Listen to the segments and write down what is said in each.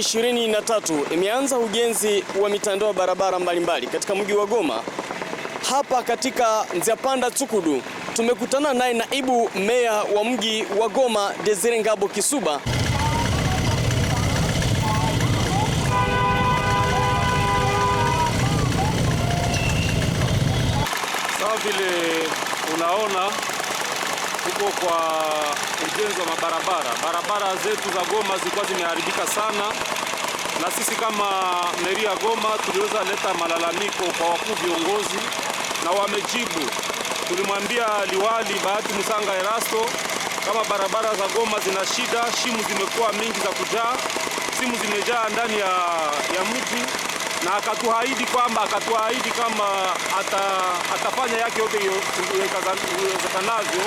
2023 imeanza ujenzi wa mitandao ya barabara mbalimbali katika mji wa Goma. Hapa katika Nziapanda Tsukudu tumekutana naye naibu meya wa mji wa Goma Desire Ngabo Kisuba. Sawa vile unaona huko kwa ujenzi wa mabarabara. Barabara zetu za Goma zilikuwa zimeharibika sana, na sisi kama meria Goma tuliweza leta malalamiko kwa wakuu viongozi na wamejibu. Tulimwambia liwali Bahati Musanga Erasto kama barabara za Goma zina shida, shimu zimekuwa mingi za kujaa, simu zimejaa ndani ya, ya mji na akatuahidi kwamba akatuahidi kama ata, atafanya yake yote iwezekanavyo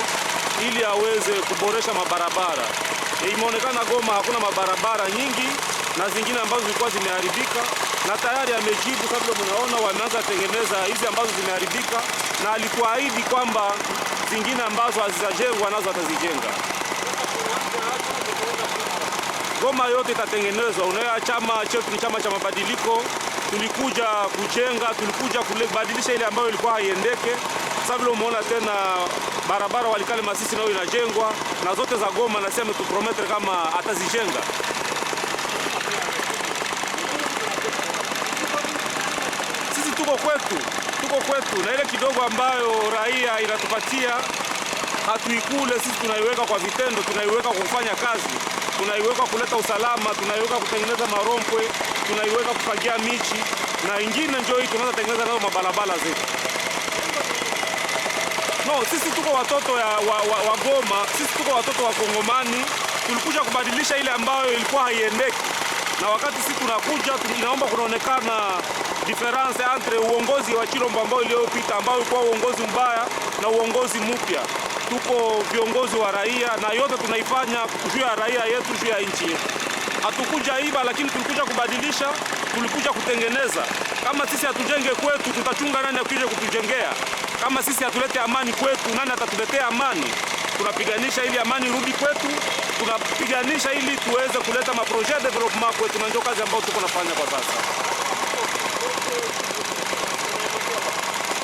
ili aweze kuboresha mabarabara. E, imeonekana Goma hakuna mabarabara nyingi na zingine ambazo zilikuwa zimeharibika, na tayari amejibu. Kabla mnaona wameanza kutengeneza hizi ambazo zimeharibika, na alikuahidi kwamba zingine ambazo hazijajengwa nazo atazijenga. Goma yote itatengenezwa. Unaona, chama chetu ni chama cha mabadiliko. Tulikuja kujenga, tulikuja kubadilisha ile ambayo ilikuwa haiendeke. Sasa vile umeona tena barabara Walikale Masisi nayo inajengwa na zote za Goma, nasi ametuprometre kama atazijenga. Sisi tuko kwetu, tuko kwetu, na ile kidogo ambayo raia inatupatia hatuikule. Sisi tunaiweka kwa vitendo, tunaiweka kufanya kazi, tunaiweka kuleta usalama, tunaiweka kutengeneza marompwe, tunaiweka kufagia michi na ingine, njo hii tunaweza tengeneza nayo mabalabala zetu sisi tuko watoto ya, wa, wa, wa Goma, sisi tuko watoto wa Kongomani. Tulikuja kubadilisha ile ambayo ilikuwa haiendeki, na wakati sisi tunakuja, inaomba kunaonekana difference entre uongozi wa Chilombo ambao iliyopita ambao ulikuwa uongozi mbaya na uongozi mpya. Tuko viongozi wa raia na yote tunaifanya juu ya raia yetu, juu ya nchi yetu. Hatukuja iba, lakini tulikuja kubadilisha, tulikuja kutengeneza. Kama sisi hatujenge kwetu, tutachunga nani akuje kutujengea? Kama sisi hatulete amani kwetu, nani atatuletea amani? Tunapiganisha ili amani irudi kwetu, tunapiganisha ili tuweze kuleta maprojet ya development kwetu, na ndio kazi ambayo tuko nafanya kwa sasa.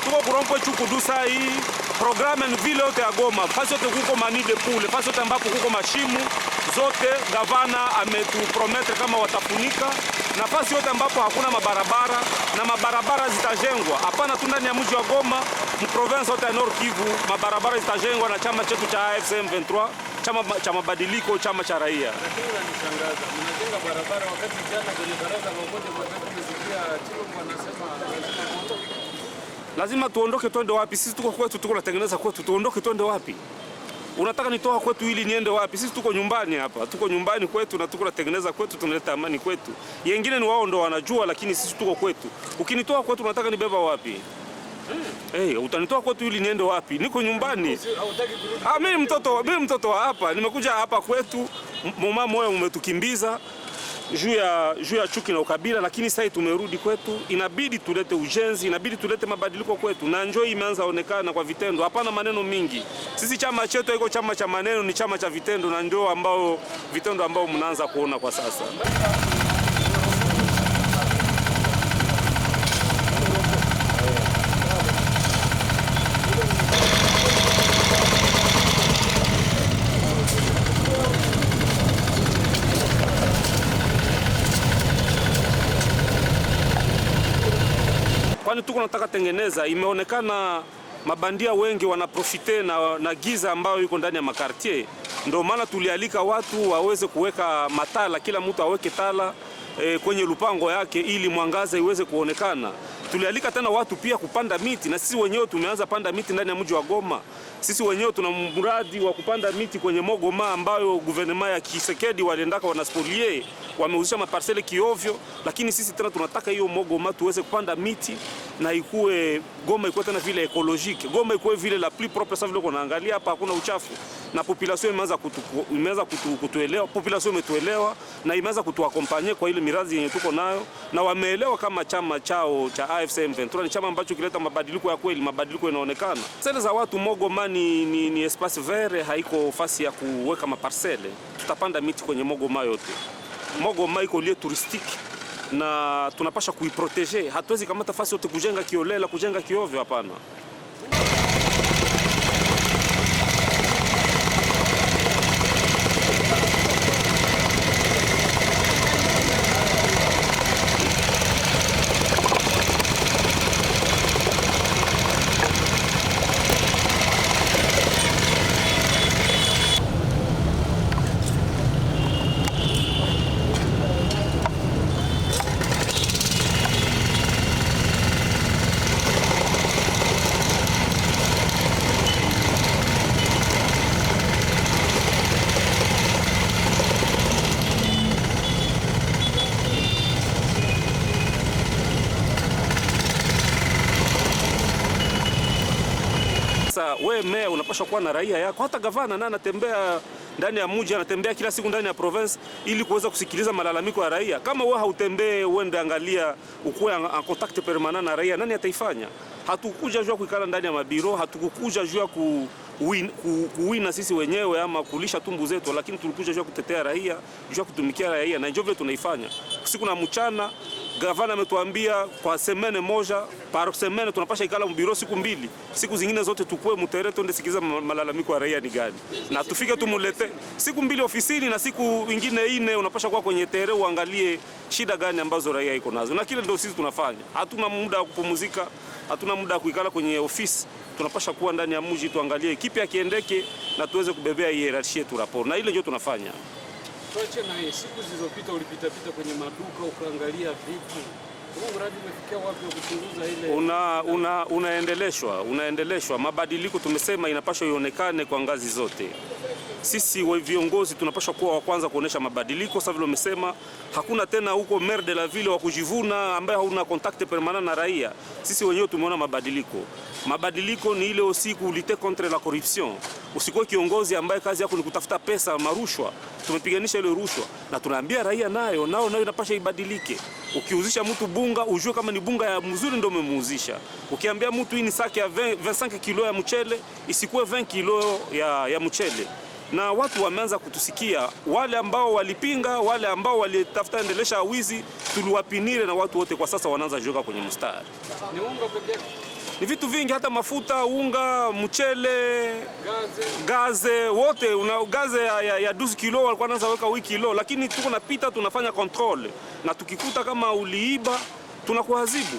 Tuko kurompo chukudu saa hii programme ni ville yote ya Goma, fasi yote kuko mani de poule, fasi yote ambapo kuko mashimu zote, gavana ametuprometre kama watafunika fasi yote ambapo hakuna mabarabara na mabarabara zitajengwa. Hapana tu ndani ya mji wa Goma, mprovensa yote ya Nord Kivu mabarabara zitajengwa na chama chetu cha AFC M23, chama cha mabadiliko, chama cha raia. Lazima tuondoke twende wapi? Sisi tuko kwetu, tuko natengeneza kwetu, tuondoke twende wapi? Unataka nitoa kwetu ili niende wapi? Sisi tuko nyumbani hapa, tuko nyumbani kwetu na tuko natengeneza kwetu, tunaleta amani kwetu. Yengine ni wao ndo wanajua, lakini sisi tuko kwetu. Ukinitoa kwetu, unataka nibeba wapi? Eh, hey, utanitoa kwetu ili niende wapi? Niko nyumbani. Ah, mimi mtoto, mimi mtoto hapa, nimekuja hapa kwetu, mama moyo umetukimbiza juu ya, juu ya chuki na ukabila, lakini sasa tumerudi kwetu, inabidi tulete ujenzi, inabidi tulete mabadiliko kwetu, na njoo imeanza onekana kwa vitendo, hapana maneno mingi. Sisi chama chetu iko chama cha maneno, ni chama cha vitendo, na ndio ambao vitendo ambao mnaanza kuona kwa sasa. serikali tuko nataka tengeneza, imeonekana mabandia wengi wanaprofite na, na giza ambayo iko ndani ya makartier. Ndio maana tulialika watu waweze kuweka matala, kila mtu aweke tala e, kwenye lupango yake ili mwangaza iweze kuonekana. Tulialika tena watu pia kupanda miti, na sisi wenyewe tumeanza panda miti ndani ya mji wa Goma. Sisi wenyewe tuna mradi wa kupanda miti kwenye Mogoma ambayo guvernema ya Kisekedi waliendaka wanaspolier wameuzisha maparsele kiovyo, lakini sisi tena tunataka hiyo Mogoma tuweze kupanda miti na ikue Goma ikue tena vile ekolojike, Goma ikue vile la plus propre. Sasa vile kunaangalia hapa hakuna uchafu na population imeanza kutu, imeanza kutu, kutuelewa, population imetuelewa na imeanza kutuakompanye kwa ile miradi yenye tuko nayo, na wameelewa kama chama chao cha AFC M23 ni chama ambacho kileta mabadiliko ya kweli, mabadiliko inaonekana. Sele za watu mogo mani ni, ni espace vert, haiko fasi ya kuweka maparsele. Tutapanda miti kwenye mogo yote. Mogo iko lieu touristique na tunapasha kuiproteje. Hatuwezi kamata fasi yote kujenga kiolela, kujenga kiovyo, hapana. Sasa we mea unapaswa kuwa na raia yako, hata gavana naye anatembea ndani ya mji, anatembea kila siku ndani ya province ili kuweza kusikiliza malalamiko ya raia. Kama wewe hautembee, uende angalia, ukuwe en contact permanent na raia, nani ataifanya? Hatukuja jua kuikala ndani ya mabiro, hatukukuja jua ku kuwina sisi wenyewe ama kulisha tumbu zetu, lakini tulikuja jua kutetea raia, jua kutumikia raia, na ndio vile tunaifanya siku na mchana. Gavana ametuambia kwa semene moja par semene tunapasha ikala mbiro siku mbili, siku zingine zote tukue mutere, twende sikiza malalamiko ya raia ni gani, na tufike tumulete siku mbili ofisini, na siku ingine ine unapasha kuwa kwenye tere uangalie shida gani ambazo raia iko nazo, na kile ndio sisi tunafanya. Hatuna muda wa kupumzika, hatuna muda wa kuikala kwenye ofisi, tunapasha kuwa ndani ya mji tuangalie kipi akiendeke, na tuweze kubebea hierarchia yetu raporo, na ile ndio tunafanya tuache na Siku zilizopita ulipitapita kwenye maduka ukaangalia vitu, huu mradi umefikia Una, una, unaendeleshwa unaendeleshwa. Mabadiliko tumesema inapaswa ionekane kwa ngazi zote sisi wa viongozi tunapaswa kuwa wa kwanza kuonesha mabadiliko. Sasa vile umesema, hakuna tena huko mer de la ville wa kujivuna ambaye hauna contact permanent na raia. Sisi wenyewe tumeona mabadiliko. Mabadiliko ni ile usiku lite contre la corruption, usikuwe kiongozi ambaye kazi yako ni kutafuta pesa marushwa. Tumepiganisha ile rushwa na tunaambia raia nayo nao nayo inapasha ibadilike. Ukiuzisha mtu bunga ujue kama ni bunga ya mzuri ndio umemuuzisha. Ukiambia mtu hii ni saki ya 25 kilo ya mchele isikuwe 20 kilo ya, ya mchele na watu wameanza kutusikia, wale ambao walipinga, wale ambao walitafuta endelesha wizi, tuliwapinile na watu wote kwa sasa wanaanza joka kwenye mstari. Ni unga pekee, ni vitu vingi, hata mafuta, unga, mchele, gaze, gaze wote una gaze ya, ya, ya 12 kilo walikuwa wanaanza weka wiki kilo, lakini tuko napita tunafanya control, na tukikuta kama uliiba tunakuadhibu,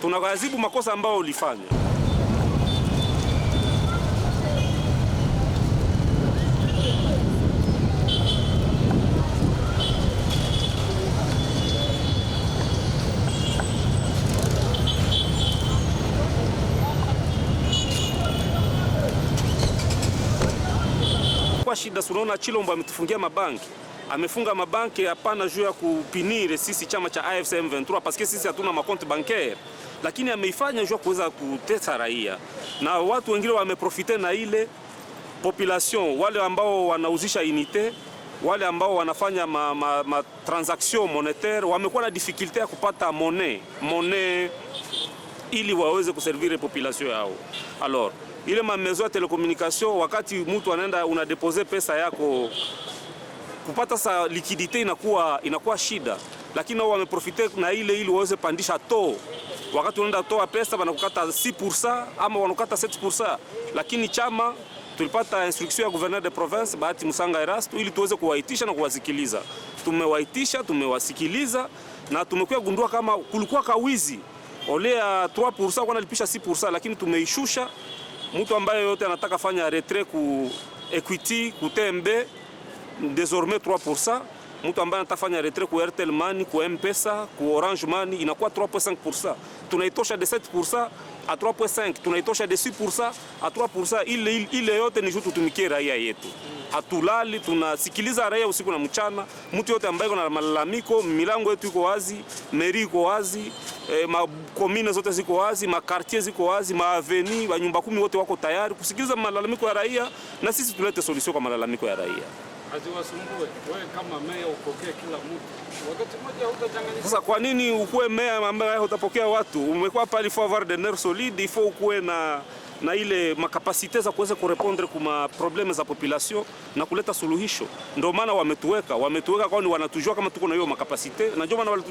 tunakuadhibu makosa ambayo ulifanya. kwa shida. Unaona, Chilombo ametufungia mabanki, amefunga mabanki hapana juu ya kupinire sisi chama cha AFC M23 paske sisi hatuna makonti bankaire, lakini ameifanya juu ya kuweza kutesa raia na watu wengine wameprofite na ile population, wale ambao wanauzisha inite wale ambao wanafanya ma, ma, ma transaction monetaire wamekuwa na difficulty ya kupata monnaie monnaie ili waweze kuservire population yao. Alors ile ma maison ya telekomunikasyon, wakati mtu anaenda unadepose pesa yako, kupata sa likidite inakuwa, inakuwa shida, lakini wao wameprofite na ile ili waweze pandisha to wakati unaenda toa pesa wanakukata 6% ama wanakukata 7%, lakini chama tulipata instruction ya gouverneur de province Bahati Musanga Erasto ili tuweze kuwaitisha na kuwasikiliza. Tumewaitisha, tumewasikiliza na tumekuwa gundua kama kulikuwa kawizi olea 3% kwa nalipisha 6%, lakini tumeishusha mtu ambaye yote anataka fanya retrait ku Equity ku TMB désormais 3%, mtu ambaye anataka fanya retrait ku Airtel Money ku M-Pesa ku Orange Money inakuwa 3.5%, tunaitosha de 7% a 3.5 tunaitosha de 6% a 3% ile, ile yote ni juu tutumikie raia yetu. Hatulali, tunasikiliza raia usiku na mchana. Mtu yote ambaye kuna malalamiko, milango yetu iko wazi, meri iko wazi, e, eh, makomine zote ziko wazi, makartier ziko wazi, maaveni, wanyumba kumi wote wako tayari kusikiliza malalamiko ya raia, na sisi tulete solution kwa malalamiko ya raia haziwasumbue. Wewe kama meya upokee kila mtu, wakati mmoja hutachanganyika. Sasa kwa nini ukuwe meya ambaye hutapokea watu? Umekuwa pale, for faut avoir des nerfs solides, il faut ukuwe na na ile makapasite za kuweza kurepondre kuma probleme za population na kuleta suluhisho. Ndio maana wametuweka wametuweka, kwani wanatujua kama tuko na hiyo makapasite na ndio maana walitu